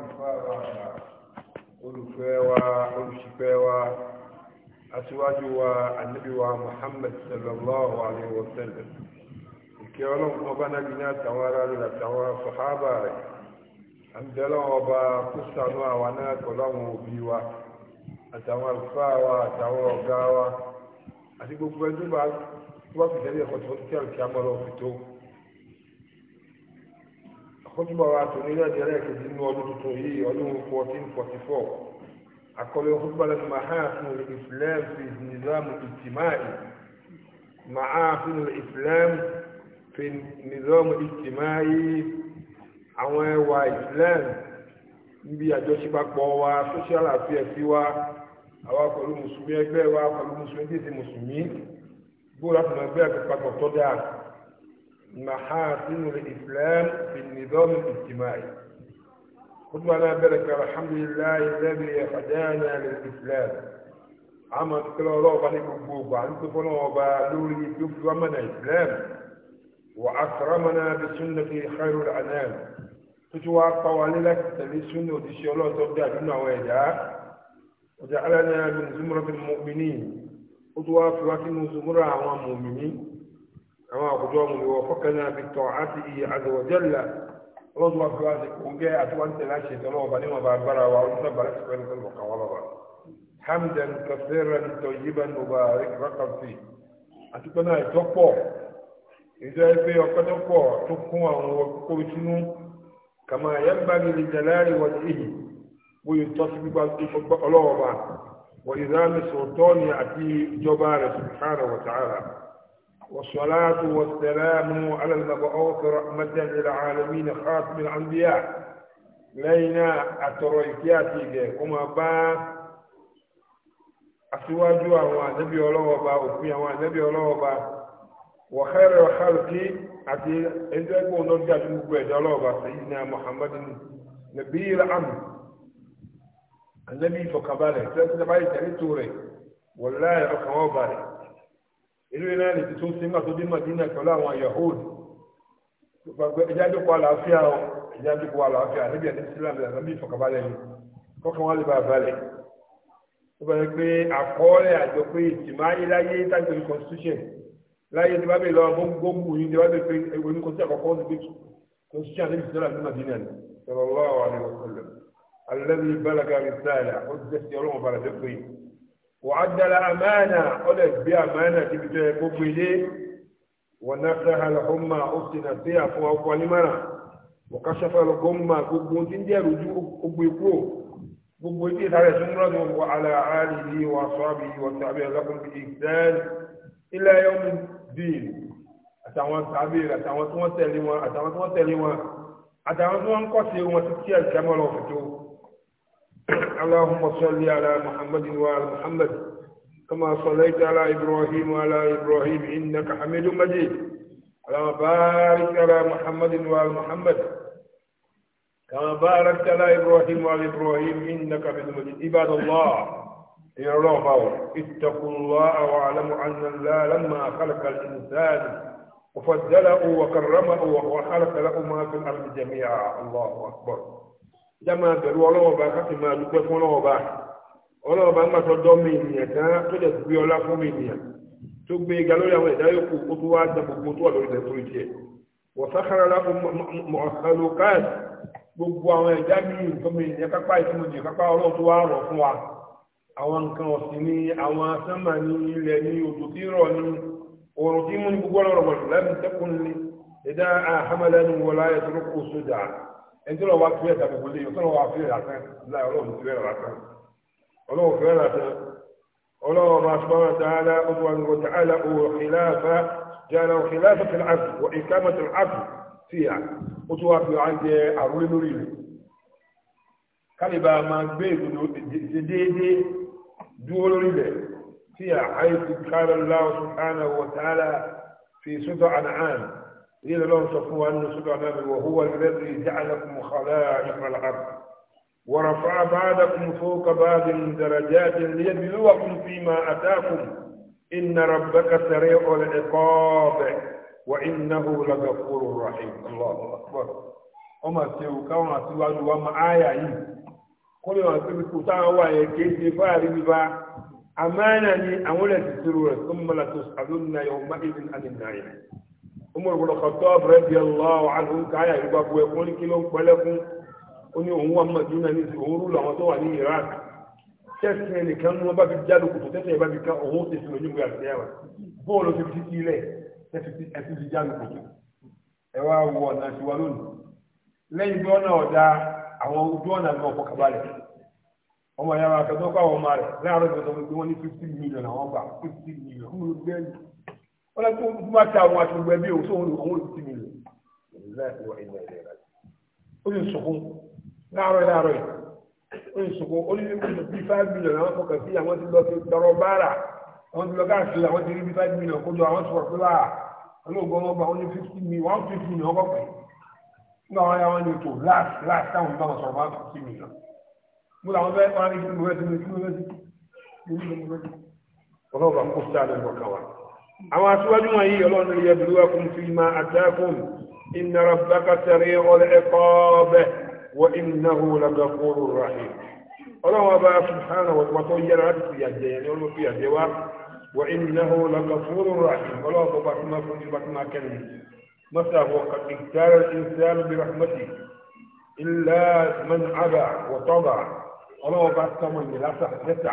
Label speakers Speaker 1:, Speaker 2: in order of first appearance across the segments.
Speaker 1: àlùfáà wa àgbà olùfẹ́ wa olùṣìfẹ́ wa aṣíwájú wa ànábì wa Muhammad sallallahu alayhi wa sallam ìkẹ́ ọlọ́run ọba nábì ní àtàwọn ará rẹ̀ àtàwọn sọ̀hábà rẹ̀ àǹdẹ́lọ́wọ́ ọba kúsànú àwa náà pẹ̀lú àwọn òbí wa àtàwọn àlùfáà àtàwọn ọ̀gá wa àti gbogbo ẹni bá fi tẹ́lẹ̀ ẹ̀kọ́ tó ti tẹ́ àlùkí àmọ́ lọ́wọ́ fi tó kójúbọ̀ wa tó ní ìrìnàjò ẹlẹ́ẹ̀kejì nínú ọdún tuntun yìí ọdún fourteen forty four àkọlé kójúbọ̀ lẹ́nu mahafin islam fi nizam ijtimai mahafin islam fi nizam ijtimai àwọn ẹwà islam níbi àjọṣepapọ̀ wa social affairs wa àwa pẹ̀lú mùsùlùmí ẹgbẹ́ wa pẹ̀lú mùsùlùmí tètè mùsùlùmí gbọ́dọ̀ láti máa gbé àgbẹ̀papọ̀ tó dáa. محاسن الإسلام في النظام الاجتماعي خطبنا بارك الحمد لله الذي هدانا للإسلام àmọ́ kílọ̀ ọlọ́ọ̀bá ní gbogbo ògbà ń tó fọ́nà ọba lórí tó fi wá mọ́nà islam wà á sọ̀rọ̀ mọ́nà bí súnà fi xẹ́rù ànáàmù tó ti wá pa wá ní láti tẹ̀lé súnà òdìṣẹ́ ọlọ́ọ̀tọ́ bí àdúnà àwọn ẹ̀dá ọjà alánà bí zumura fi mọ̀mìnì ó ti wá fi wá sínú zumura àwọn mọ̀mìnì àwọn àwùjọ mu wọ fọkànlá fi tọ àti iye àdìwọjẹlá ọlọ́dún wàá fi wá sí kóńgẹ́ àti wàá tẹ̀lé àṣẹ ìtọ́nà ọba níwọ̀n bá agbára wa ọdún náà bàrẹ́ sípẹ́ nípa ìwọ̀n kàwọn lọ́wọ́. hamdan kasiran tọyiba mubarak rakamfi àti pé náà ìtọ́pọ̀ tọ́sí gbígbá ọlọ́wọ́ wa wọ́n ìzámi sọ̀tọ́ ni àti ìjọba rẹ̀ subhanahu wa ta'ala. والصلاة والسلام على المبعوث رحمة للعالمين خاتم الأنبياء لينا أترويكياتي كما با أسواجوا هو نبي الله با وفي هو نبي الله با وخير خلقي أتي أنت يكون نرجع شمكوية الله سيدنا محمد نبي الأمر النبي فقباله سيدنا بايت توري والله أخوة بارك ìlú iná rẹ̀ ti tún sígbà tó dé Madina pẹ̀lú àwọn Yahud gbogbo ẹja jókòó àlàáfíà ọ ẹja jókòó àlàáfíà níbi ẹni sílẹ̀ àti àbí ìfọ̀kànbalẹ̀ yìí kọ́kàn wọn lè bá a balẹ̀ ó bẹ̀rẹ̀ pé àkọọ́lẹ̀ àjọ pé ìtìmáyé láyé tájú ní constitution láyé tí wọ́n bẹ̀ lọ gbogbo yìí tí wọ́n bẹ̀ pé ewu ní constitution àkọ́kọ́ ní bíi constitution àti ìfìdílà ní wàádàlá àmàna ọ̀dẹ̀ gbé àmàna tí bìtẹ̀ gbogbo ilé wọn náà sáhà lọ́kọ́mà ó ti nà sí àfún ọkọ̀ nímọ̀ràn wọ́n ká sáfà lọ́kọ́mà gbogbo tí ń dẹ̀rù ju gbogbo ikú gbogbo ilé ìtàrẹ̀ tó ń rọ̀ ní wọ́n alẹ́ àárín ilé wọn sọ́ọ̀bì wọn tàbí ọlọ́kùn ilé ẹ̀yọ́ mu dín àtàwọn tàbí àtàwọn tí wọ́n tẹ̀lé wọn àtàwọn tí wọ́n tẹ̀lé wọn àtàwọn tí wọ́n ń kọ́ sí wọn títí ẹ̀ اللهم صل على محمد وعلى محمد كما صليت على إبراهيم وعلى إبراهيم إنك حميد مجيد اللهم بارك على محمد وعلى محمد كما باركت على إبراهيم وعلى إبراهيم إنك حميد مجيد عباد الله يا الله اتقوا الله واعلموا أن الله لما خلق الإنسان وفضله وكرمه وخلق له ما في الأرض جميعا الله أكبر já máa bẹ̀rù ọlọ́wọ́ bá ká sì máa dúpẹ́ fún ọlọ́wọ́ bá ọlọ́wọ́ bá ń gbàtọ́ dọ́ mi ènìyàn kan tó dẹ̀ gbé ọlá fún mi ènìyàn tó gbé ga lórí àwọn ẹ̀dá yòókù kó tó wá gba gbogbo tó wà lórí ilẹ̀ torí tiẹ̀ wọ̀sákàrà láfún mọ̀ọ́sálókáàd gbogbo àwọn ẹ̀dá míì tó mi ènìyàn kápá ìtumọ̀jì kápá ọlọ́wọ́ tó wá rọ̀ fún wa àwọn nǹkan ọ̀sìn ní àwọn sánmà ní ilẹ̀ ní odò tí rọ̀ ní oòrùn tí mú ní gbogbo ọlọ́rọ̀ mọ̀lẹ́ láti tẹ́kùn ní ẹ̀dá àhámẹ́lẹ́nu wọlá ẹ̀dúrókò sójà ẹjọ́ lọ wá tú ẹ̀dá gbogbo lé yọ sọ́nà wá fi rà tán láì ọlọ́run ti rẹ̀ rà tán ọlọ́run fi rẹ̀ rà tán ọlọ́run máa ṣùgbọ́n rẹ̀ tààlà ọdún wa nìkan tààlà òwò ìlàfà jàǹdà ìlàfà tó àfù wọ ìkàmà tó àfù sí à ó tún wá fi wá jẹ àrùlé lórí rẹ̀ kálíbà máa gbé ìdúró déédéé dúró lórí rẹ̀ sí à àyè ti kálọ̀ láwọ̀ sùn إذا لهم تقوى أن سبحانه وهو الذي جعلكم خلائف الأرض ورفع بعضكم فوق بعض درجات ليبلوكم فيما أتاكم إن ربك سريع العقاب وإنه لغفور رحيم الله أكبر أما سيو كما سيو وما آية كل ما سيو تاوى يكيسي فاري بفا أمانا لي أولا تسرور ثم لتسألن يومئذ عن النعيم umar bin khattab radiyallahu anhu káyà ìgbàgbọ́ ẹ̀kún ní kí ló ń pẹ́lẹ́kún ó ní òun wà Madina ní òun rú làwọn tó wà ní Iraq tẹ́sí ẹnìkan ní wọ́n bá fi jáde kòtò tẹ́sí ẹ̀bá fi ká òun tẹ̀sí lójú gbé àti ẹ̀wà bóòlù ti fi ilẹ̀ ẹ̀sìn ti jáde kòtò ẹ wá wọ ọ̀nà ìṣúwá lónìí lẹ́yìn bí ọ̀nà ọ̀dà àwọn ojú ọ̀nà ní ọ̀pọ̀ kabalẹ̀ ọmọ yàrá akẹ́kọ̀ọ́ àwọn ọmọ rẹ̀ láàárọ̀ wọ́n lọ tó bá ta àwọn àti ẹbí òun sóhun òun ló ti mi lò ó lè sọkún láàárọ̀ láàárọ̀ yìí ó lè sọkún ó ní bí five million àwọn fọkàn sí àwọn ti lọ sí dọrọ báárà àwọn ti lọ káàkiri àwọn ti rí bí five million kójọ àwọn ti sọ̀rọ̀ pé wà àwọn ògbó ọmọ ọba àwọn ní fifty million one fifty million ọkọ̀ pẹ̀ nígbà wọn yà wọn ní ètò last last táwọn ìbámu sọ̀rọ̀ one fifty million àwọn aṣíwájú wọn yìí ọlọ́run lè yẹbìrú ẹkùn fi ma àtẹ́kùn iná rabbaka sẹ̀rí ọlẹ́ ẹ̀kọ́ ọbẹ̀ wọ iná hù lọ́gọ́fóró ráhì ọlọ́run ọba subhanahu wa ta'ala tó yẹra láti fi àjẹyẹ ní olú fi àjẹ wá wọ iná hù lọ́gọ́fóró ráhì ọlọ́run ọba tó máa fún ní bàtí máa kẹ́nu mọ́sà wọ ìtara ìsáàlù bí rahmati ilá man aga wọ tọ́gà ọlọ́run ọba sọmọ ìyẹlá sà mẹ́ta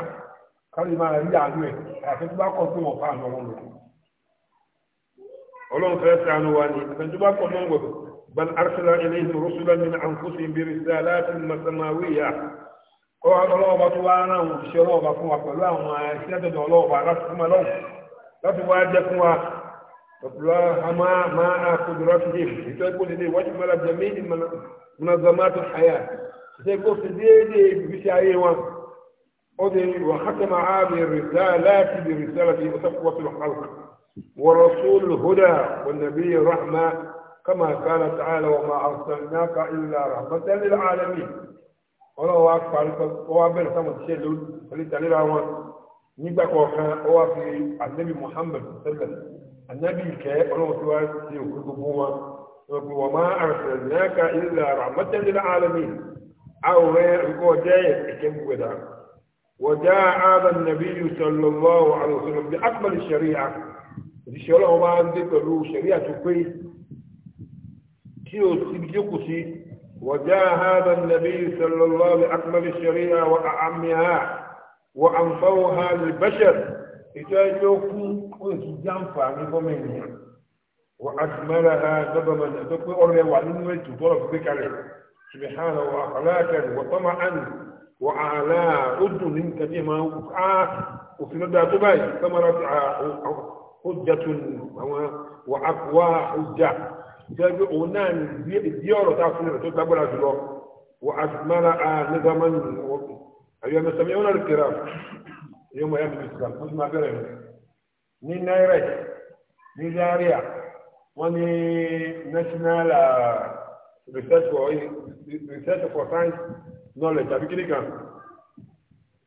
Speaker 1: kárí máa rí àánú ẹ̀ àti tó bá kọ́ fún ọ̀pá àná ọlọ́run fẹ́ sànù wa ni àtẹ̀júbà kọ́ mọ́ wọ̀ bal arsala ilayhim rusulan min anfusihim bi risalatin masamawiyya kọ́ ọlọ́run bá tó wá rán àwọn òṣìṣẹ́ ọlọ́run bá fún wa pẹ̀lú àwọn iṣẹ́ tọ̀dọ̀ ọlọ́run bá láti fún wa lọ́wọ́ láti wá jẹ́ fún wa pẹ̀lú àmà máa kudura fi dé ìtọ́ ikú nílé wájú mọ́ra jẹ́mí munazamatu haya ìtọ́ ikú fi déédéé ìbísí ayé wọn ó ti wà hákẹ́ máa bí rìsálà láti bí rìsálà bí ó sàkóso lọ́kàlùkà ورسول الهدى والنبي الرحمة كما قال تعالى وما أرسلناك إلا رحمة للعالمين ولو أكبر وأبر سمت شيء فلتعليل عوان nígbà kọ̀ọ̀kan ó wá fi ànábì muhammed sẹ́lẹ̀ ànábì ìkẹ́ ọlọ́run tí wá sí òkú gbogbo wọn wọ́n fi wọ́n máa àrùsẹ̀ lẹ́ẹ̀ka ilẹ̀ àmọ́tẹ́lẹ́lẹ́ alẹ́mí àwòrán ẹ̀kọ́ jẹ́ ẹ̀kẹ́ gbogbo wọ́n já ààbà nàbí yusuf lọ́wọ́ àlùsọ̀rọ̀ bí akpọ̀lì sẹ̀ríà òṣìṣẹ́ ọlọ́run bá ń dé pẹ̀lú ṣẹ̀ríà tó pé tí o ti bí jókòó sí wàjá hàdà nàbí sàlọ́lá lè akpẹ́lẹ̀ ṣẹ̀ríà wà àmì ha wà ànfàwò ha lè bẹ́ṣẹ̀ ìjọ ẹjọ́ kú ó sì jáǹfà ní gọ́mẹ̀ntì wà àtìmọ́lá ha gọ́mẹ̀ntì tó pé ọ̀rẹ́ wà nínú ètò tọ́lọ̀ fi kalẹ̀ subhanahu wa akhlakan wa tama'an wa ala udun ni nkan bi ma ah òfin hujjatu àwọn wà hujja jẹ́bi òun náà ní bí ọ̀rọ̀ tá a fún ẹ̀rọ tó gbàgbọ́ra jùlọ wà á mara a nígbàmọ́ ní àyọ̀ mẹ́sàmí ọ̀nà rẹ̀ kẹrà yóò mọ̀ yá mi ìsìlám fún mi abẹ́rẹ́ mi ní náírà ní zaria wọ́n ní national ah, research for research for science knowledge àbí kíni kan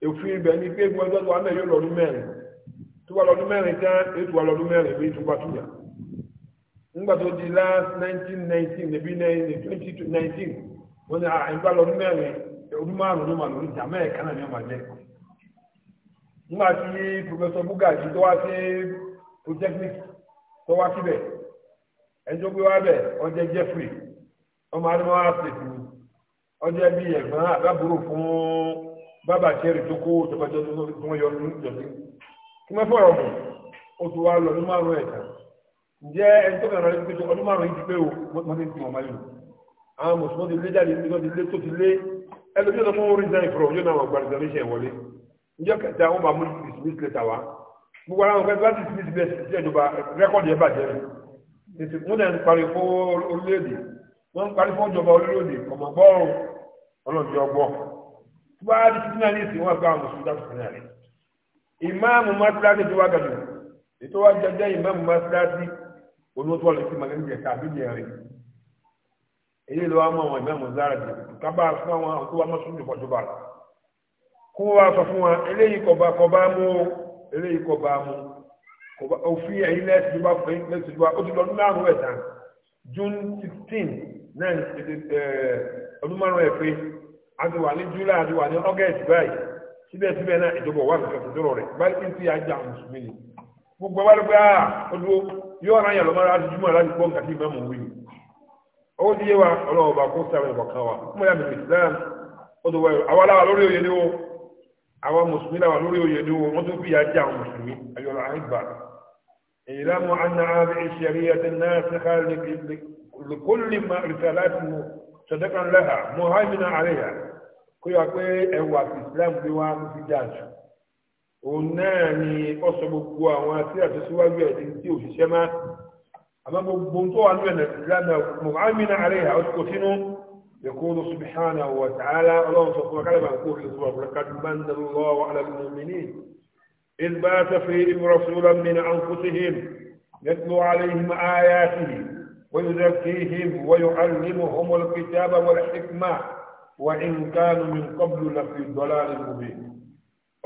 Speaker 1: òfin ibẹ̀ ni pé gbọ́dọ̀ wà mẹ́rin lọ́dún mẹ́rin tó wà lọ́dún mẹ́rin tán ètò wà lọ́dún mẹ́rin bí tó bá tún yà nígbà tó di last nineteen nineteen níbi twenty nineteen wọ́n ní àìgbà lọ́dún mẹ́rin ọdún márùn ló mà lórí ìjà mẹ́ẹ̀kan náà ni wọ́n máa jẹ́ nígbà tí professor Bugaji tó wá sí polytechnic tó wá síbẹ̀ ẹjọ́ pé wá bẹ̀ ọjọ́ Jeffrey ọmọ adamawa state ni ọjọ́ bí ẹ̀gbọ́n àbábúrò fún bàbá sẹ́rì tó kó tọkọtọ́ kí mẹ́fọ́ ọ̀rọ̀ mọ̀ oṣù wa lọ ọdún márùn-ún ẹ̀ta ǹjẹ́ ẹni tó kàn rẹ̀ ti pé ọdún márùn-ún yìí ti pé o wọ́n ti ń tún ọmọ yìí àwọn mùsùlùmí ti lé jáde nígbà tí lé tó ti lé ẹlòmíràn tó fún resign from yóò náà wà gba reservation wọlé ǹjọ́ kẹta wọn bá mú dismiss letter wá gbogbo àwọn ọ̀gá láti dismiss bẹ́ẹ̀ sí ìjọba rẹ́kọ̀dì ẹ̀ bàjẹ́ rẹ̀ wọ́n náà ń parí fún orílẹ̀-èdè wọ́n ń parí fún ìjọba orílẹ̀-èdè ọmọ gbọ́ọ̀rùn ọlọ́ọ̀dì ọgbọ́n tí wọ́n á di títí náà ní ìsìn ìmáàmù mọ́sálásí tó wá gàdù ètò wa jẹjẹ ìmáàmù mọ́sálásí olóòtú ọ̀lẹ́ sí màlẹ́ ìjẹta àbíjẹ rẹ̀ èyí ló wá mọ àwọn ìmáàmù zára jù kábà fún àwọn tó wá mọ́sùn ní pọ̀jù bàrà kó wa sọ fún wa eléyìí kọba kọba mú eléyìí kọba mú òfin ẹ̀yìn lẹ́sìn tó bá fún ẹ̀yìn lẹ́sìn tó bá ó ti lọ nínú àrùn ẹ̀ta June sixteen náà ọdún márùn-ún ẹ̀ pé a ti wà ní July a ti August báyìí síbẹ̀síbẹ̀ náà ìjọba wà nǹkan tó dọ̀rọ̀ rẹ̀ báyìí kí n ti àjà mùsùlùmí ni gbogbo wa ló pé ah olùwò yóò ara yàn lọ́mọ́ra láti júmọ̀ láti gbọ́ nǹkan tí ìmọ̀ mọ̀ wíyì ó ti yé wa ọlọ́wọ́ bá kó sáré ọ̀kan wa fún mọ̀lá mìíràn Islam ó ti wá àwa láwa lórí oyè ni ó àwa mùsùlùmí láwa lórí oyè ni ó wọ́n tó fi àjà mùsùlùmí ayọ̀lá أن هذه الشريعة الناسخة لكل رسالات صدقا لها مهيمنة عليها kó yọ pé ẹwù àti Islam bí wọn á tó fi dáa jù òun náà ni ó sọ gbogbo àwọn àti àtúnṣíwájú ẹ̀dí tí òṣìṣẹ́ máa أما بنطوع من لأن مؤمن عليها أسكتن يقول سبحانه وتعالى الله سبحانه وتعالى يقول لصور لقد من الله على المؤمنين إذ بات فيهم رسولا من أنفسهم يتلو عليهم آياته ويزكيهم ويعلمهم الكتاب والحكمة وإن كانوا من قبل لفي ضلال مبين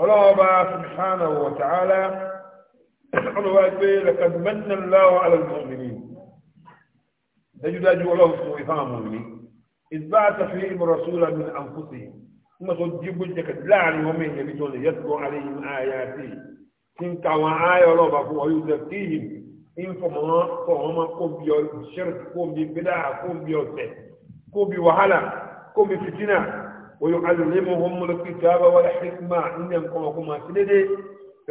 Speaker 1: الله سبحانه وتعالى لقد من الله على المؤمنين دجو دجو الله سبحانه المؤمنين إذ بعث فيهم رسولا من أنفسهم ثم تجيب لك لعن ومن يبتون يتلو عليهم آياته تلك وآية الله بقوا ويزكيهم إن فهما فهما قوم بيو الشرك قوم ببدع قوم بيو قوم بوهلا kó mi fitina wa yu'allimuhumul kitaba wal hikma ní ẹ̀kọ́ ọkọ̀ máa ti dédé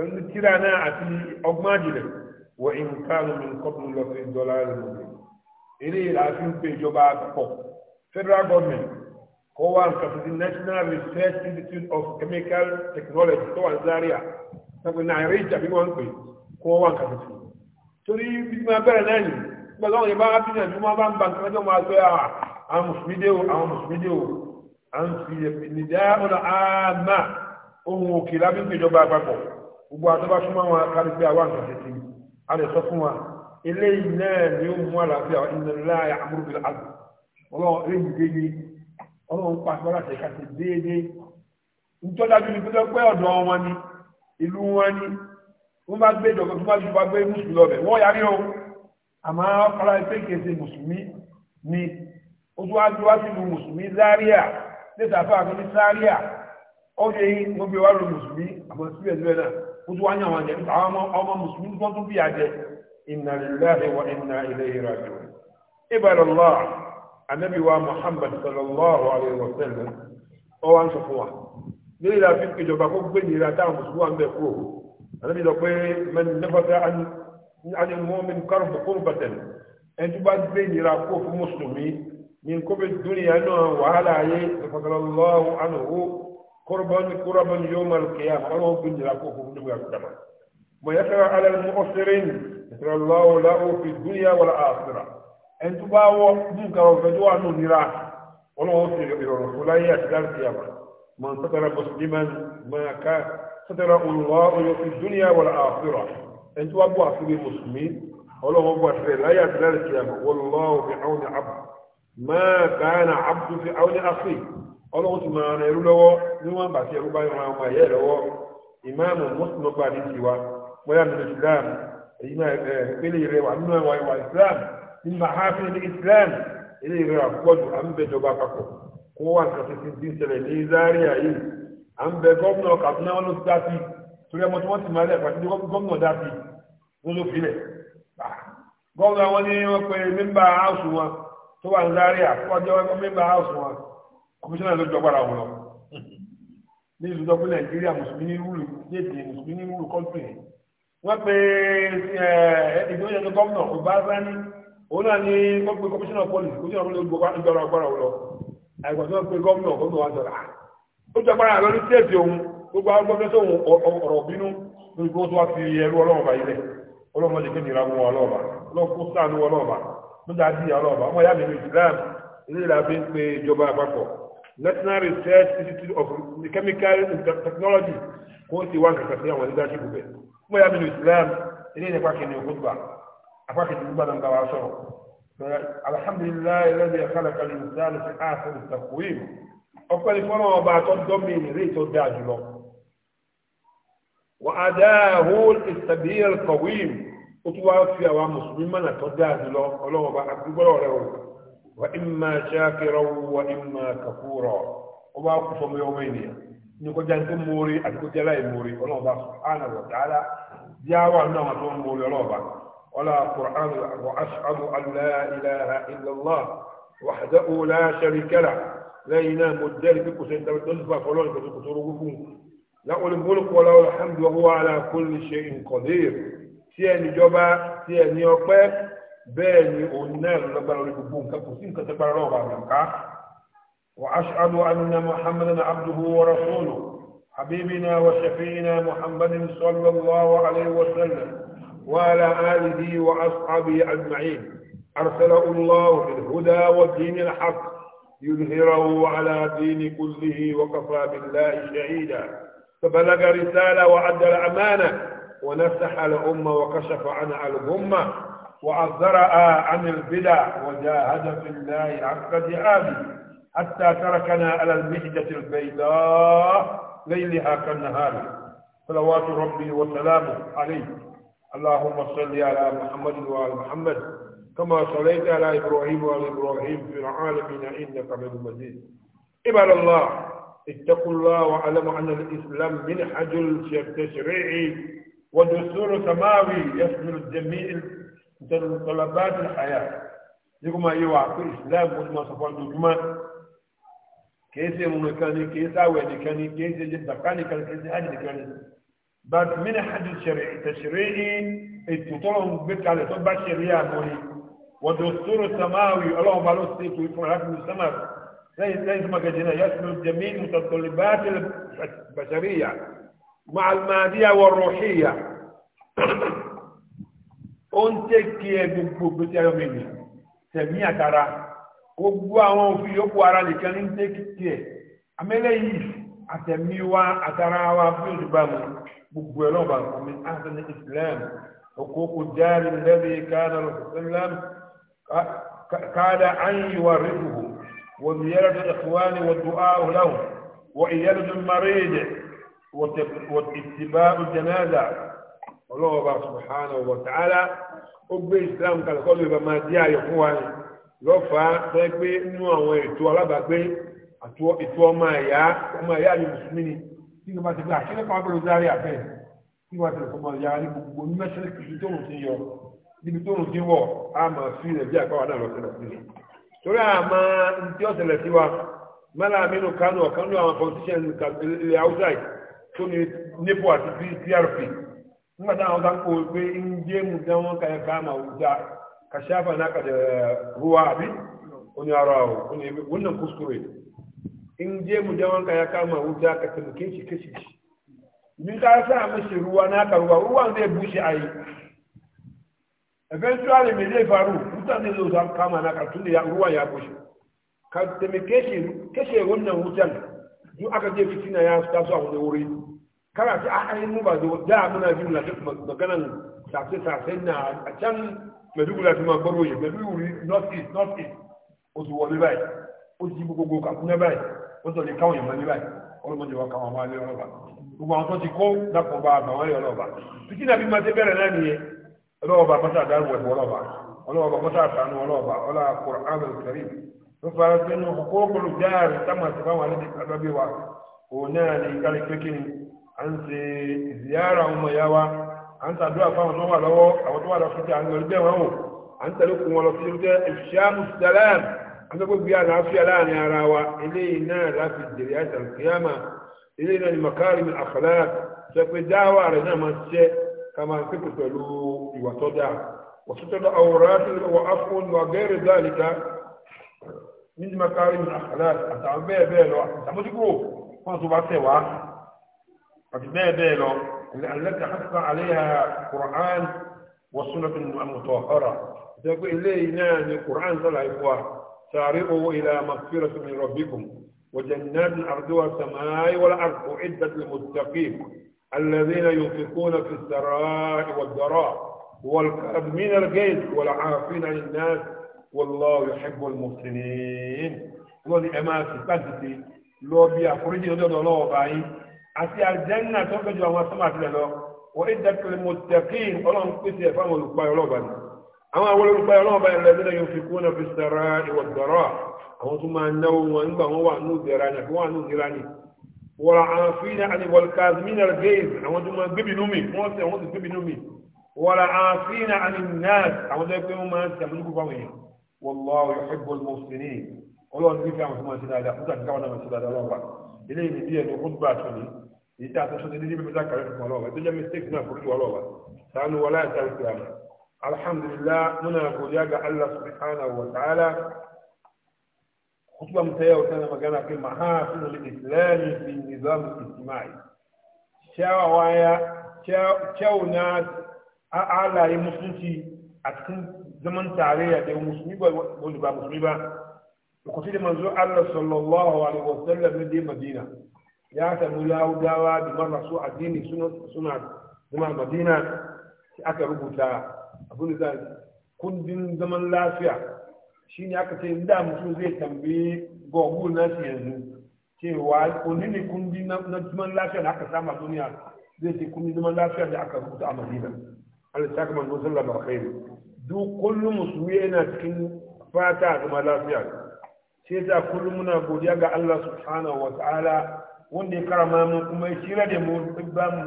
Speaker 1: ẹni tíra náà àti ọgbọ́n àjìnlẹ̀ wa in kanu min qablu lọ sí dọ́là rẹ̀ lóde eré ìlàfin pé ìjọba àpapọ̀ federal government kó wá nǹkan fi di national research institute of chemical technology tó wà ní Zaria sọ́kùn ní àìrí ìjàmbí wọn pè kó wá nǹkan fi fi torí bí wọ́n bẹ̀rẹ̀ náà yìí gbọ́dọ̀ wọn yẹ bá wá ba nǹkan jọ máa sọ yà wá àwọn mùsùlùmí dé o àwọn mùsùlùmí dé o à ń fi nìdá ọ̀nà àmà ohun òkè lábẹ́gbẹ̀ ìjọba àpapọ̀ gbogbo àtọ́bá súnmọ́ wọn kárí pé àwọn àǹkà tètè a lè sọ fún wa eléyìí náà ni ó mú àlàáfíà ìnàlá àmúrú bìlà àgbà ọlọ́run eléyìí déédéé ọlọ́run pàṣẹ láti ẹ̀ka ṣe déédéé ntọ́jájú ni pípẹ́ pé ọ̀dọ̀ wọn ni ìlú wọn ni wọ́n bá gbé ìjọba tó bá ju bá gbé mùsùlùmí lọ bẹ̀ wọ́n yarí o àmọ́ ọ̀pára ẹgbẹ́ kẹsẹ̀ mùsùlùmí ni ojú wa ju wá sí lu mùsùlùmí záríà níta fún àmì ní záríà ó ṣe mo gbé wá lu mùsùlùmí àmọ́ síbẹ̀síbẹ̀ náà ojú wa ní àwọn àjẹ àwọn ọmọ mùsùlùmí tó tún bí àjẹ inna lillahi wa inna ilayhi raji'un ibadallah anabi wa muhammad sallallahu alayhi wa sallam ọ wá ń sọ fún wa lórí la fi ìjọba kó gbé nira táwọn mùsùlùmí wa ń bẹ kúrò anabi sọ pé man nafasa an mu'min kárùn-ún kó ń bàtẹ̀ ẹni tó bá gbé nira kó fún mùsùlùmí من كبر الدنيا أنه وعلى عليه فضل الله عنه قربا قربا يوم القيامة الله بن جلاله بن القيامة ويسرى على المؤثرين يسرى الله له في الدنيا والآخرة أن تباوى منك وفدوى نذرا والله سيغفر الرسول لا القيامة من ستر مسلما ما كان ستر الله في الدنيا والآخرة أن تباوى في المسلمين والله هو لا يسرى القيامة والله بعون عبد ma ga abdu fi àwọn afi ọlọ́run ti máa ọrụ ẹrú lọ́wọ́ níwọ̀n bá ti ẹrú bá yọra ọmọ ẹ̀yẹ́ lọ́wọ́ ìmáàmù mùsùlùmí gba ní tiwa bóyá nínú islam èyí máa ẹ pélé rẹ wà nínú àwọn ìwà islam nínú ní islam èyí rẹ wà pọ̀jù à ń bẹ jọba kó wà nǹkan ti ní à ń bẹ wọn ló ti dá sí torí ọmọ tí wọ́n ti máa dá sí wọn ló fi tó wà ní Zaria kọjọ́ ẹgbẹ́ mẹ́mbà house wọn kọmíṣánná ló jọgbára wọn lọ ní ìlú dọ́gbé Nàìjíríà mùsùlùmí ní rúlù déèdì mùsùlùmí ní rúlù kọ́ńtì pe òun náà ní pe kọmíṣánná kọmíṣánná wọn lọ àìgbà pe gómìnà gómìnà wọn jọra ó jọgbára òun nígbà tí ìyá ọlọ́ọ̀bà ọmọ ìyá mi ní Islam ilé ìlàbí ń pe ìjọba àpapọ̀ National Research Institute of Chemical and Technology kó ti wá nǹkan sí àwọn ìdíjà ṣìkú bẹ̀ ọmọ ìyá mi ní Islam ilé ìlẹ̀pá kìíní òkú gbà apá kìíní gbà náà ń bá wa sọ̀rọ̀ alhamdulilayi lẹ́nu ẹ̀ka lẹ́ka lè dá lè fi ọpẹ́ ní fọ́nà ọba àtọ́jọ́ mi ìrè ìtọ́jú àjùlọ. وأداه السبيل القويم ó tún wá fi àwa mùsùlùmí mọ̀nà tó dáa jùlọ ọlọ́wọ́ bá agbúgbọ́rọ̀ rẹ̀ wò wà ìmà ṣáàkìrọ̀ wà ìmà kàfúrọ̀ ó bá kú fọmọ ọmọ ènìyàn ní kọjá ní mórí àti kọjá láì mórí ọlọ́wọ́ bá sùhánà wà dáadáa bí a wà nínú àwọn tó ń mórí ọlọ́wọ́ bá ọlá kùrán wà aṣáàbù aláìláha ìlàlá wà hàdá òlà ṣàríkẹ́là lẹ́yìn náà mo jẹ́rì pé kò sẹ́ńtà tó ń fà fọlọ́ kò tó rogún tí ẹni jọba tí ẹni ọpẹ́ bẹ́ẹ̀ ni òun náà lọ́gbàrá orí gbogbo nǹkan kò sí nǹkan tó gbára lọ́wọ́ àgbàǹká وأشهد أن محمدا عبده ورسوله حبيبنا وشفينا محمد صلى الله عليه وسلم وعلى آله وأصحابه أجمعين أرسله الله بالهدى والدين الحق يظهره على دين كله وكفى بالله شهيدا فبلغ رسالة وأدى الأمانة ونسح الأمة وكشف عنها الغمة وأصدرها عن البدع وجاهد في الله حق جهاده حتى تركنا على المهجة البيضاء ليلها كالنهار صلوات ربي وسلامه عليه اللهم صل على محمد وعلى محمد كما صليت على إبراهيم وعلى إبراهيم في العالمين إنك حميد مجيد عباد الله اتقوا الله واعلموا أن الإسلام منحج تشريعي ودستور سماوي يشمل جميع متطلبات الحياة يقوم أيوة في إسلام مجمع صفر مجمع كيف يمكن كيف أوي كان كيف جدا كان كان كيف أجد كان بعد من حد الشريعة تشريعي التطور بيت على طب الشريعة مولي ودستور سماوي الله بالو سيتو يفرح من السماء ليس ليس ما كجنا يشمل جميع متطلبات البشرية مع المادية والروحية أنت كي بكبت يا مني تبني أترى gbogbo àwọn òfin yòókù ara nìkan ní tẹ́kìtì ẹ̀ amẹ́lẹ́ yìí àtẹ̀mí wa àtara wa fún ìdìbò àmọ́ gbogbo ẹ̀ lọ́ba àmì àtẹ̀lé islam òkòókò járe lẹ́bi káàdà lọ́sọ̀sẹ́lẹ́m káàdà àyìn wa rẹ̀kùhù wọ́n yẹ́rẹ́ tó dàkúwá ni wọ́n tó áhùn láhùn wọ́n ìyẹ́rẹ́ tó marẹ́ẹ̀dẹ̀ wọ̀tìtìbá jẹnáàdà ọlọ́ọ̀bà subhanahu wa ta'ala ó gbé islam kalẹ̀ kọ́ ló bá máa di ayọ̀ fún wa ni lọ́fàá tẹ́ pé nínú àwọn ètò alábàágbé ètò ọmọ ẹ̀yà ọmọ ẹ̀yà ni mùsùlùmí ni tí wọ́n bá ti gbé àṣírí kan abẹ́rẹ́ sáré àfẹ́ tí wọ́n ti lè fọmọ ẹ̀yà ní gbogbo ní mẹ́sẹ̀lẹ̀ kìí tó rùn sí yọ níbi tó rùn sí wọ̀ á máa fi rẹ̀ bí àpá wa náà lọ sílẹ̀ sí i torí àmọ́ ní tí ó ṣẹlẹ̀ sí wa mẹ́lá mi nù kánú ọ̀kánú àwọn politicians ilẹ̀ outside tó ní nepo àti prp nígbà táwọn kan kó pé ń jẹ́ mu dán wọn kàyẹ ká máa wù dá náà ruwa àbí oní ara o oní ebi wannan kuskure in je mu dán wọn kàyẹ ká máa wù dá ka taimake shi kashe shi ka ruwa ka ruwa ruwan zai bushe a yi eventually me zai faru mutane zo za kama ka in aka je fitina ya taso a wani wuri kana ta ainihin mu ba da muna jin maganan sase-sase na a can mẹ́dúgbò láti máa gbọ́rọ̀ yẹ pẹ̀lú ìwúrí north east north east o ti wọlé báyìí ó ti yíbo gbogbo kàkúnẹ́ báyìí ó ti lè káwọn èèyàn báyìí ọlọ́mọdé wa káwọn máa lé ọlọ́ba gbogbo àwọn tó ti kó dápọ̀ bá àgbà wọn lé ọlọ́ba títí nàbí máa ti bẹ̀rẹ̀ náà nìyẹn ọlọ́ba pátá àdárò ẹ̀fọ́ ọlọ́ba ọlọ́ba pátá àtànú ọlọ́ba ọlá ló fara pé nù kókó kọlu jáàrí táwọn àti báwọn alẹ́ nípa bí wa òun náà ní kárí kékeré à ń ṣe ìzìyàrá ọmọ ìyá wa à ń ṣàdúrà fáwọn tó wà lọ́wọ́ àwọn tó wà lọ fìdí àwọn ìgbẹ́ wọn o à ń tẹ̀lé kùn wọn lọ sí ilé ìṣẹ́ mùsùlùmí à ń tẹ́kọ̀ gbé àlàáfíà láàrin ara wa eléyìí náà láti jèrè àìsàn kíámà eléyìí náà ni makari mi àkàlà sọ pé dáwà rẹ̀ náà máa ṣiṣẹ́ ká máa ń pèpè pẹ̀lú ìwà tó wọ́n tún tẹ́lẹ̀ àwòrán من مكارم الأخلاق أتعبى بيلو أتمسكوا فانتوا بعتوا أتعبى بيلو التي حث عليها القرآن والسنة المطهرة تقول إلينا أن القرآن طلع إخوة سارعوا إلى مغفرة من ربكم وجنات أرضها السماء والأرض أعدت للمتقين الذين ينفقون في السراء والضراء والكاظمين الغيظ والعافين عن الناس wallahu yuhibbul muhsinin lọ́ni ẹ máa fi pàṣẹ lọ bí àforíjì lọ́dọ̀ ọlọ́wọ́ báyìí àti àjẹ́nà tó fẹ́ ju àwọn sọ́mà tilẹ̀ lọ wọ́n ẹ̀ dàkẹ́lẹ̀ muttaqin ọlọ́run pèsè ẹ̀fọ́ àwọn olùpayọ̀ ọlọ́ọ̀bà ni àwọn àwọn olùpayọ̀ ọlọ́ọ̀bà yẹn lẹ́yìn yóò fi kú náà fi sara ìwọ̀ dọ̀rọ̀ àwọn tó máa náwó wọn nígbà wọn wà nù dẹ̀ra والله يحب المسلمين ولو نبي كان ثم سنا لا قد كان من سبب الله بعد الى يدي الرب باتني يتا تشد لي بما ذكر الله والله دي لم تكن فرق والله كان ولا ذلك الحمد لله من يقول يا الله سبحانه وتعالى خطبه متيه وكان ما في محافل الاسلام في النظام الاجتماعي شاو ويا شاو شاو ناس اعلى المسلمين zaman tarayya da musulmi ba wani ba musulmi ba lokacin da manzo Allah sallallahu alaihi wasallam ne Madina ya samu Yahudawa da marra su addini suna suna kuma Madina aka rubuta abun da kundin zaman lafiya shine aka ce inda mutum zai tambayi gogul na shi yanzu cewa wani ne kundin na zaman lafiya da aka samu a duniya zai ce kundin zaman lafiya da aka rubuta a Madina Allah ta kuma manzo sallallahu alaihi wasallam duk kullum musulmi yana cikin fata a zama lafiya sai ta kullum muna godiya ga Allah subhanahu wa ta'ala wanda ya karama mu kuma ya shira da mu ba mu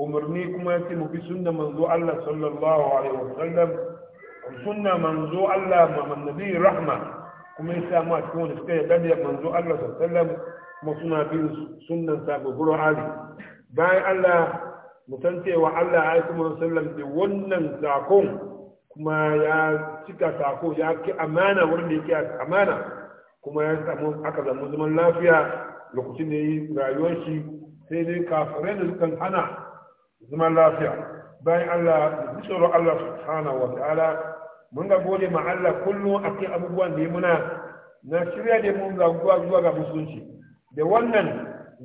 Speaker 1: umarni kuma ya ce mu bi sunna manzo Allah sallallahu alaihi wa sallam sunna manzo Allah ma annabi rahma kuma ya samu a cikin wanda suka yarda da manzo Allah sallallahu alaihi wa sallam kuma suna bin sunnan guru Ali bayan Allah mutantewa Allah ya aika manzo sallallahu alaihi wa sallam da wannan zakon kuma ya cika sako ya ki amana wurin da yake amana kuma ya samu aka zama zaman lafiya lokacin da yi rayuwar shi sai dai kafirai da dukkan hana zaman lafiya bayan Allah da tsoron Allah subhanahu wa ta'ala mun ga gode ma Allah kullum kai abubuwan da ya muna na shirya da mun zaguwa zuwa ga musulunci da wannan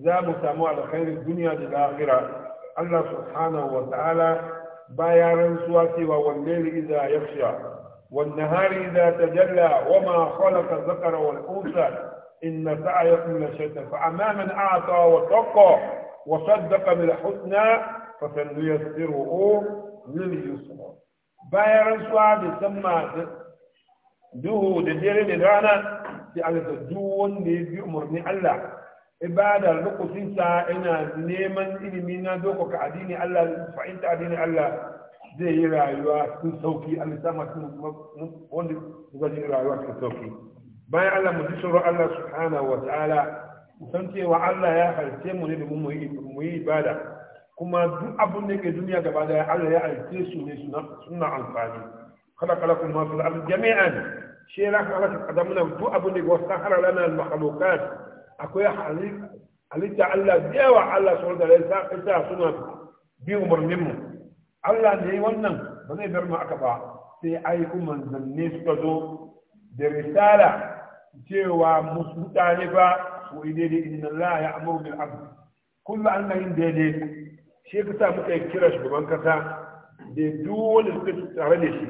Speaker 1: za mu samu alkhairin duniya da lahira Allah subhanahu wa ta'ala بايا رنسوا سوى والليل إذا يَخْشَى والنهار إذا تجلى وما خلق الذكر والأنثى إن سعيكم لشتى فأما من أعطى واتقى وصدق بالحسنى فسنيسره لليسرى بايا رنسوا بسمى duhu da dare da rana sai Allah ta duk wanda bi umarni Allah ibadar rukusinsa ina neman ilimi na dokoka addini Allah fahimta addini Allah zai yi rayuwa cikin sauki Allah sama wanda zai yi rayuwa cikin sauki bayan Allah mu ji tsoron Allah subhanahu wa ta'ala mu san cewa Allah ya halce mu ne domin mu yi ibada kuma duk abin da ke duniya gaba daya Allah ya halce su ne suna amfani kada kala kuma su jami'an shi ya lafa wata kadamuna duk abin da ke wasu halala na makhlukat akwai halitta Allah Allah su wanda ya sa suna bi umarnin mu Allah ne wannan ba zai bar mu aka ba sai ai manzanni suka zo da risala cewa mutane ba su daidai inna Allah ya amuru bil abd kullu annahin daidai shi ka sa muka kira shugaban kasa da duk wanda suka tare da shi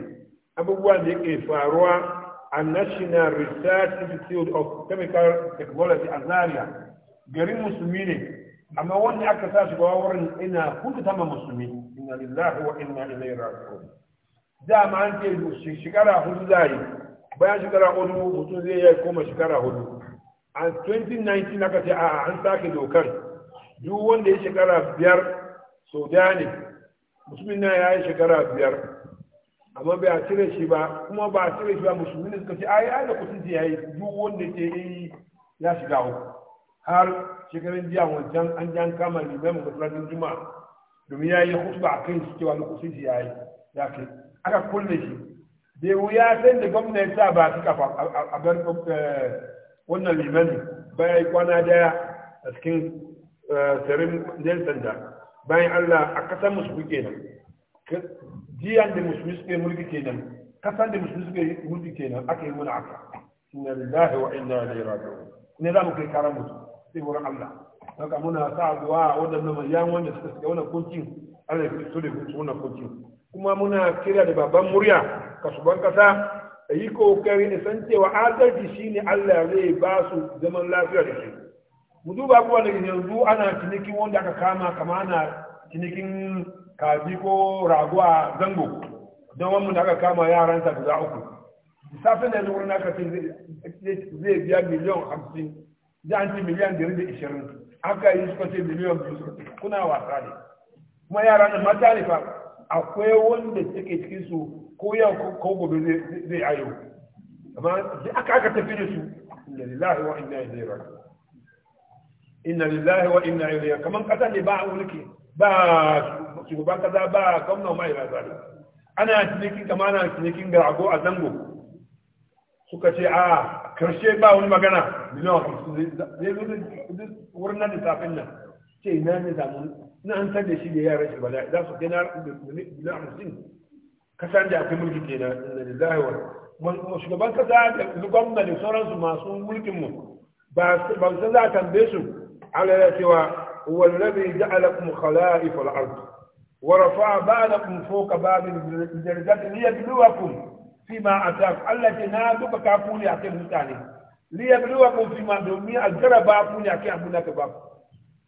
Speaker 1: abubuwan da yake faruwa and National Research Institute of Chemical Technology a Zaria garin musulmi ne amma wanda aka sa shi wurin ina kudu tama musulmi inna lillahi wa inna ilaihi raji'un da ma an ce shekara hudu zai bayan shekara hudu mutum zai yi koma shekara hudu a 2019 aka ce a an sake dokar duk wanda ya shekara biyar sau da ne musulmin na ya yi shekara biyar amma bai a cire shi ba kuma ba a cire shi ba musulmi ne suka ce ai ai da kusin ya yi duk wanda ke yi eh, ya shiga uku har shekarun jiya wancan an jan kama limai limamin masallacin juma domin ya yi hutuba a kai su cewa lokacin ya yi ya ke aka kulle shi bai wuya sai da gwamna ya sa ba su kafa a bar eh, wannan liman ba ya yi kwana daya a cikin tsarin eh, nelson da bayan allah a kasar musu kenan jiyan da musulmi suke mulki kenan kasan da musulmi suke mulki kenan ake yi muna aka inna lillahi wa inna ilaihi raji'un ne za kai karamu sai wurin Allah ka muna sa addu'a wadannan mayan wanda suka suka wannan kuncin Allah ya tsore da su wannan kuncin kuma muna kira da baban murya kasuban kasa da yi kokari ne san cewa adalci shine Allah zai ba su zaman lafiya da shi mu duba abubuwan da yanzu ana cinikin wanda aka kama kama ana cinikin kafi ko rago a zango don wani da aka kama yaransa guda uku safin da wurin aka ce zai biya miliyan hamsin zai an ci miliyan ɗari da ishirin aka yi suka ce miliyan biyu kuna wasa ne kuma yaran da mata ne fa akwai wanda suke cikin su ko yau ko gobe zai ayo amma sai aka aka tafi da su inna lillahi wa inna ilaihi raji'un inna lillahi wa inna ilaihi kaman kasa ne ba a mulki ba su shugaba kaza ba gwamna ma ila zali ana cinikin kama ana cinikin garago a zango suka ce a karshe ba wani magana miliyan hamsin zai zo wurin nan da safin nan ce ina ne zamu na an san da shi da yaran shi bala za su kai na miliyan hamsin kasan da akwai mulki kenan da zahiwar shugaban kasa da gwamna da sauransu masu mulkin mu ba su za a tambaye su على cewa wallabi ja'alakum khalaifal ard ورفع بعضكم فوق بعض الدرجات ليبلوكم فيما أتاكم الله تنادك كافون يعطيه متاني ليبلوكم فيما دومي الجرى بافون يعطيه أبناك باف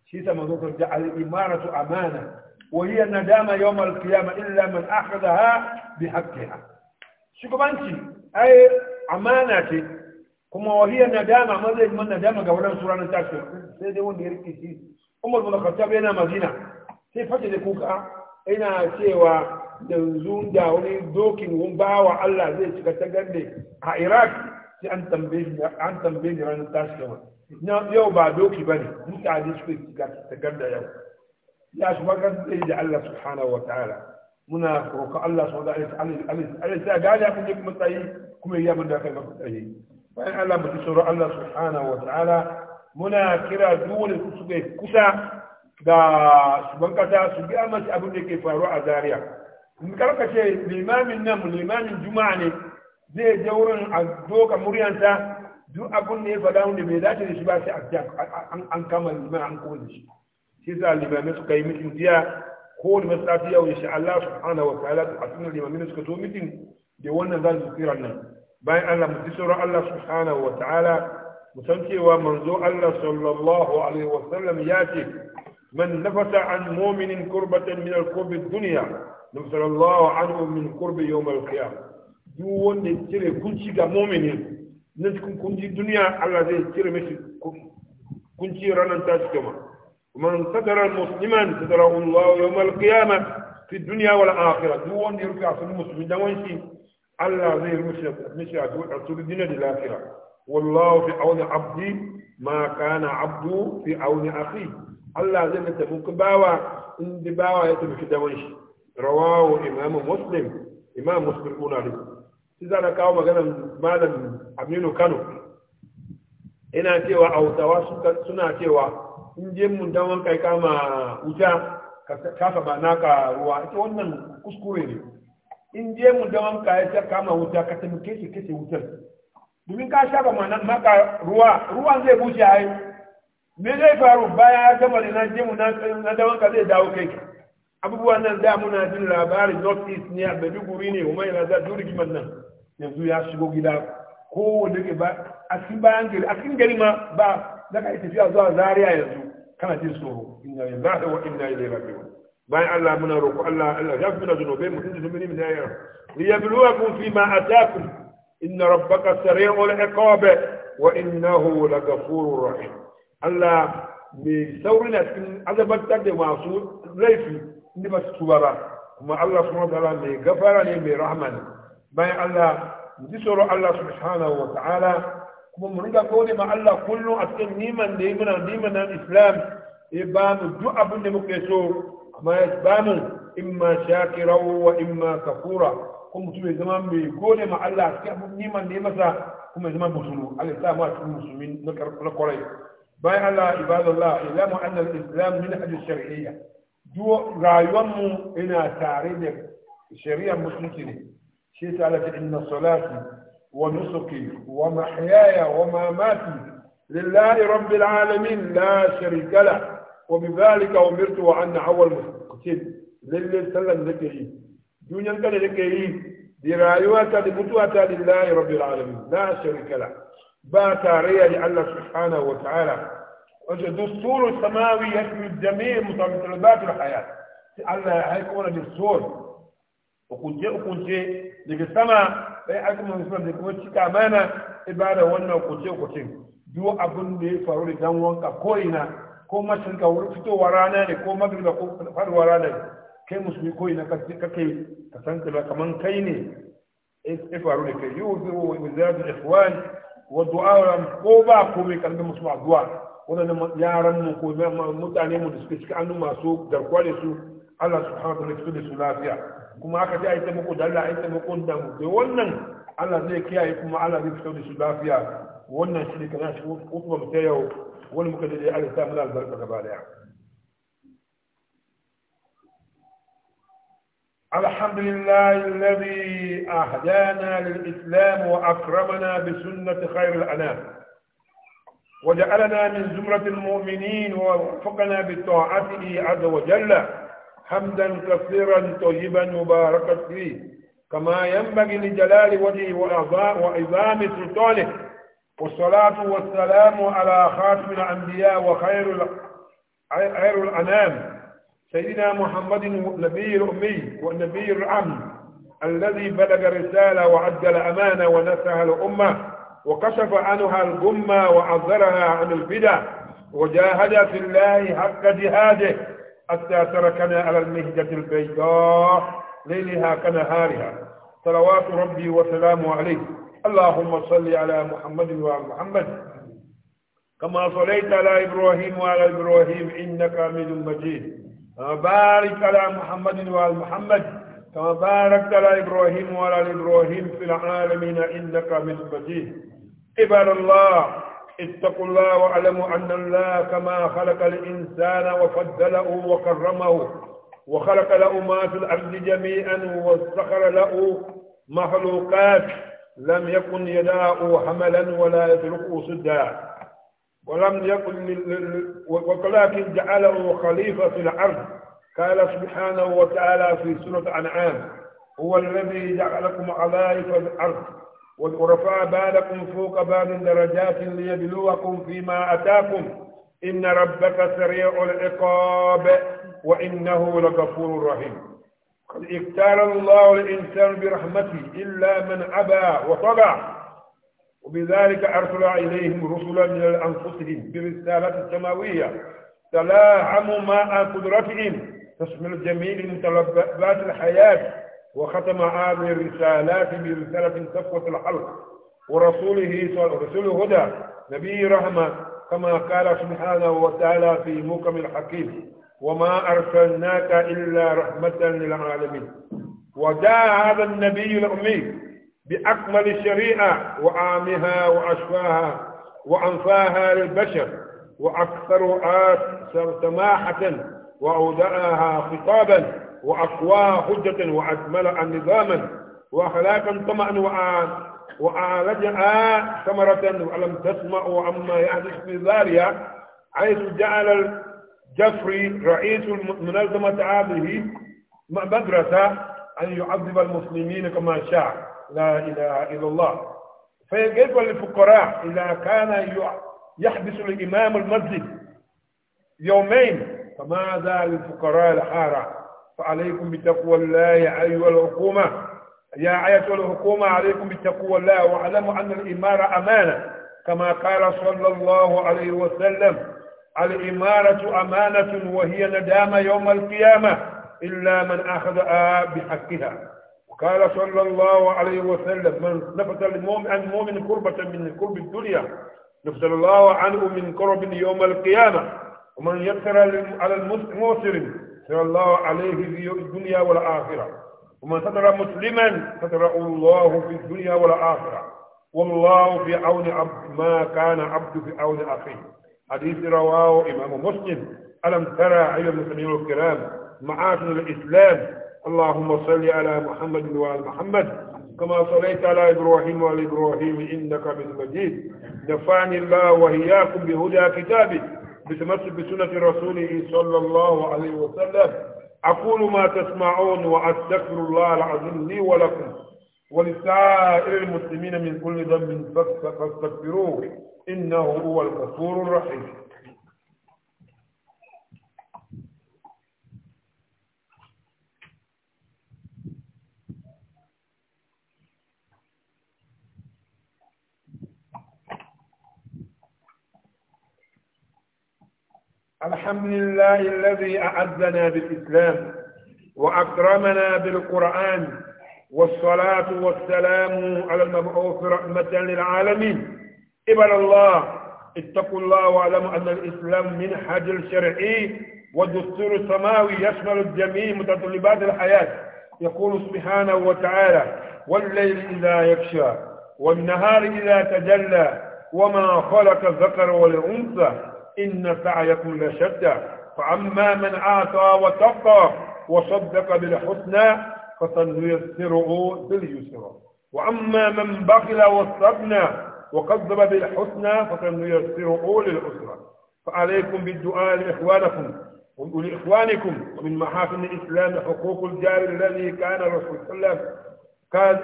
Speaker 1: شيء سمزوك الإمارة أمانة وهي الندامة يوم القيامة إلا من أخذها بحقها شكرانشي أي أمانة كما وهي ندامة ماذا من ندامة قولا سورة نتاكسر سيدي وندي ركي سي عمر بن الخطاب هنا مدينة sai fashe da ina cewa yanzu da wani dokin bawa Allah zai cika ta gande a Iraq sai an tambaye ni ranar tashi gaba yau ba doki ba ne mutane suka cika ta ganda yau ya shi bakar tsaye da Allah subhanahu wa ta'ala muna roƙa Allah subhanahu wa ta'ala sai gane abin da kuma tsaye kuma ya mun da kai maka tsaye bayan Allah mutu sauran Allah subhanahu wa ta'ala muna kira duk wani kusa ga shugaban kasa su biya masa abin da ke faru a zaria in karkace limamin nan limamin juma'a ne zai je wurin a doka muryanta duk abin da ya faɗa wanda bai dace da shi ba sai an kama liman an koma da shi sai sa limamai suka yi mitin jiya Ko kowane masu yau insha Allah subhanahu wa ta'ala a sunan limamai suka zo mitin da wannan za su tsira nan bayan Allah mu ji sauran Allah subhanahu wa ta'ala mu san cewa manzo Allah sallallahu alaihi wa ya ce من نفس عن مؤمن كربة من الكرب الدنيا نفث الله عنه من كرب يوم القيامة يوون نتيري كنشي غا مؤمنين نتكون الدنيا دنيا الله زي تيري مشي كنشي رانا تاسكما ومن ستر المسلما ستره الله يوم القيامة في الدنيا والآخرة يوون يركع في المسلمين دوانشي الله زي مشي مشي أتول الدنيا للآخرة والله في عون عبدي ما كان عبده في عون أخيه Allah zai da muku bawa in da bawa ya tafi dawan shi rawahu imam muslim imam muslim kuna ne shi za na kawo magana malam aminu kano ina cewa a wutawa suna cewa in je mun dan kai kama wuta kafa ba naka ruwa ita wannan kuskure ne in je mun dan kai ta kama wuta ka tafi kese kace wutar domin ka shafa ma naka ruwa ruwan zai bushe ai me zai faru baya ya gama da na jimu mu na dawan ka zai dawo kai ka abubuwan nan da muna jin labari north east ne da maiduguri ne kuma yana za duri kiman nan yanzu ya shigo gida ko wanda ke ba a cikin bayan gari a cikin gari ma ba za ka yi tafiya zuwa zaria yanzu kana jin tsoro inna lillahi wa inna ilaihi raji'un bayan Allah muna roƙo Allah Allah ya fi muna zunubai mutum da zunubi min ayar liyabluwakum fi ma atakum inna rabbaka sari'ul iqabi wa innahu lagafurur rahim Allah mai saurin a cikin azabantar da masu laifi inda ba su tuba kuma Allah subhanahu wa mai gafara ne mai rahama bayan Allah ji tsoron Allah subhanahu wa ta'ala kuma mu riga gode ma Allah kullum a cikin niman da ya muna niman na Islam ya ba mu duk abin da muke so amma ya ba mu imma shakira wa imma kafura kuma mutum ya zama mai gode ma Allah a cikin niman da ya masa kuma ya zama musulmi Allah ya sa mu a musulmi na kwarai باي على عباد الله اعلموا ان الاسلام من منهج الشرعيه جو دو رايوم انا تعريض الشريعه المسلمين شيء على ان الصلاه ونسكي ومحياي ومماتي لله رب العالمين لا شريك له وبذلك امرت وان اول مسلم للي سلم ذكره دون ينقل ذكره دي رايوات دي لله رب العالمين لا شريك له باتا ريا لله سبحانه وتعالى الدستور السماوي يشمل جميع متطلبات الحياة الله هيكون دستور وكنت وكنت لك السماء أي أكمل من السماء لك وشك أمانة إبادة وانا وكنت وكنت دو أبن دي فروري دموان كوينا كو ما شنك ورفتو ورانا كو ما بلغ فر ورانا كي مسمي كوينا كي تسنك لك من كيني إيه فروري كي يوزر ومزاد الإخوان wa du'a ko ba ko mai kalmi musu addu'a wannan yaran mu ko mutane mu da suke cikin annu masu garkuwa da su Allah subhanahu wa ta'ala da su lafiya kuma aka ji ai taimako da Allah ai taimako da mu da wannan Allah zai kiyaye kuma Allah zai fito da su lafiya wannan shi ne kana shi kuma ta yau wani muka da Allah ta mana albarka gaba daya الحمد لله الذي أهدانا للإسلام وأكرمنا بسنة خير الأنام وجعلنا من زمرة المؤمنين ووفقنا بطاعته عز وجل حمدا كثيرا طيبا مباركا فيه كما ينبغي لجلال وجهه وعظام سلطانه والصلاة والسلام على خاتم الأنبياء وخير خير الأنام سيدنا محمد النبي الأمي والنبي العمي الذي بلغ رسالة وعدل أمانة ونسها الأمة وكشف عنها الغمة وعذرها عن البدع وجاهد في الله حق جهاده حتى تركنا على المهجة البيضاء ليلها كنهارها صلوات ربي وسلامه عليه اللهم صل على محمد وعلى محمد كما صليت على إبراهيم وعلى إبراهيم إنك حميد مجيد وبارك على محمد وعلى محمد كما باركت على إبراهيم وعلى إبراهيم في العالمين إنك من بديه عباد الله اتقوا الله واعلموا أن الله كما خلق الإنسان وفضله وكرمه وخلق له ما في الأرض جميعا وسخر له مخلوقات لم يكن يداه حملا ولا يتركه سدا ولم يكن ولكن جعله خليفة في الأرض قال سبحانه وتعالى في سورة أنعام هو الذي جعلكم خلائف في الأرض ورفع بالكم فوق بعض درجات ليبلوكم فيما أتاكم إن ربك سريع العقاب وإنه لغفور رحيم قد اختار الله الإنسان برحمته إلا من أبى وطغى وبذلك أرسل إليهم رسلا من أنفسهم برسالة السماوية تلاعموا مع قدرتهم تشمل جميع متلبات الحياة وختم هذه الرسالات برسالة صفوة الحلق ورسوله رسول هدى نبي رحمة كما قال سبحانه وتعالى في موكم الحكيم وما أرسلناك إلا رحمة للعالمين وجاء هذا النبي الأمي بأكمل الشريعة وعامها وأشفاها وأنفاها للبشر وأكثر سماحة وأودعها خطابا وأقواها حجة وأجملها نظاما وأخلاقا طمأا وأعرجها ثمرة ولم تسمعوا عما يحدث في زاريا حيث جعل الجفري رئيس المنظمة هذه مدرسة أن يعذب المسلمين كما شاء لا إله إلا الله فيجب للفقراء إذا كان يحبس الإمام المسجد يومين فماذا للفقراء الحارة فعليكم بتقوى الله يا أيها الحكومة يا أيها الحكومة عليكم بتقوى الله واعلموا أن الإمارة أمانة كما قال صلى الله عليه وسلم الإمارة أمانة وهي ندامة يوم القيامة إلا من أخذها بحقها قال صلى الله عليه وسلم من نفث المؤمن عن مؤمن كربة من كرب الدنيا نفث الله عنه من كرب يوم القيامة ومن يسر على المسر صلى الله عليه في الدنيا والآخرة ومن ستر مسلما ستره الله في الدنيا والآخرة والله في عون عبد ما كان عبد في عون أخيه حديث رواه إمام مسلم ألم ترى أيها المسلمين الكرام معاشر الإسلام اللهم صل على محمد وعلى محمد كما صليت على إبراهيم وعلى إبراهيم إنك من مجيد نفعني الله وإياكم بهدى كتابه بتمسك بسنة رسوله صلى الله عليه وسلم أقول ما تسمعون وأستغفر الله العظيم لي ولكم ولسائر المسلمين من كل ذنب فاستغفروه إنه هو الغفور الرحيم الحمد لله الذي أعزنا بالإسلام وأكرمنا بالقرآن والصلاة والسلام على المبعوث رحمة للعالمين إبن الله اتقوا الله واعلموا أن الإسلام منهج الشرعي والدستور السماوي يشمل الجميع متطلبات الحياة يقول سبحانه وتعالى والليل إذا يغشى والنهار إذا تجلى وما خلق الذكر والأنثى إن سعيكم لشتى فأما من آتى وتقى وصدق بالحسنى فسنيسره باليسرى وأما من بخل واستغنى وكذب بالحسنى فسنيسره للأسرى فعليكم بالدعاء لإخوانكم ولإخوانكم ومن محاسن الإسلام حقوق الجار الذي كان الرسول صلى الله عليه وسلم كان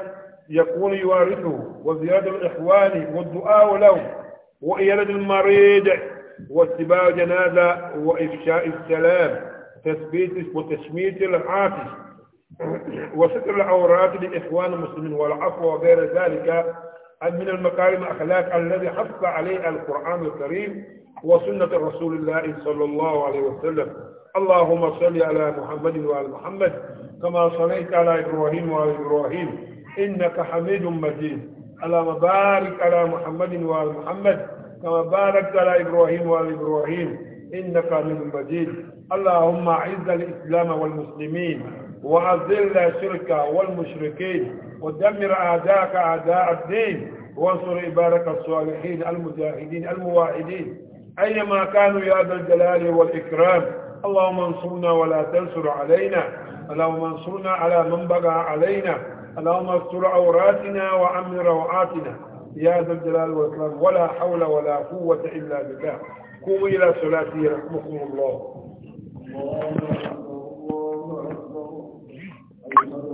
Speaker 1: يكون يوارثه وزيادة الإخوان والدعاء له وإيادة المريض واتباع جنازة وإفشاء السلام تثبيت وتشميت العاطس وستر العورات لإخوان المسلمين والعفو وغير ذلك من المكارم الأخلاق الذي حث عليه القرآن الكريم وسنة رسول الله صلى الله عليه وسلم اللهم صل على محمد وعلى محمد كما صليت على إبراهيم وعلى إبراهيم إنك حميد مجيد اللهم بارك على محمد وعلى محمد كما باركت على إبراهيم وعلى إبراهيم إنك من المجيد اللهم أعز الإسلام والمسلمين وأذل الشرك والمشركين ودمر أعداءك أعداء الدين وانصر إبارك الصالحين المجاهدين المواعدين أينما كانوا يا ذا الجلال والإكرام اللهم انصرنا ولا تنصر علينا اللهم انصرنا على من بغى علينا اللهم استر عوراتنا وأمن روعاتنا يا ذا الجلال والإكرام ولا حول ولا قوة إلا بالله قوموا إلى صلاتي يرحمكم الله الله الله أكبر أكبر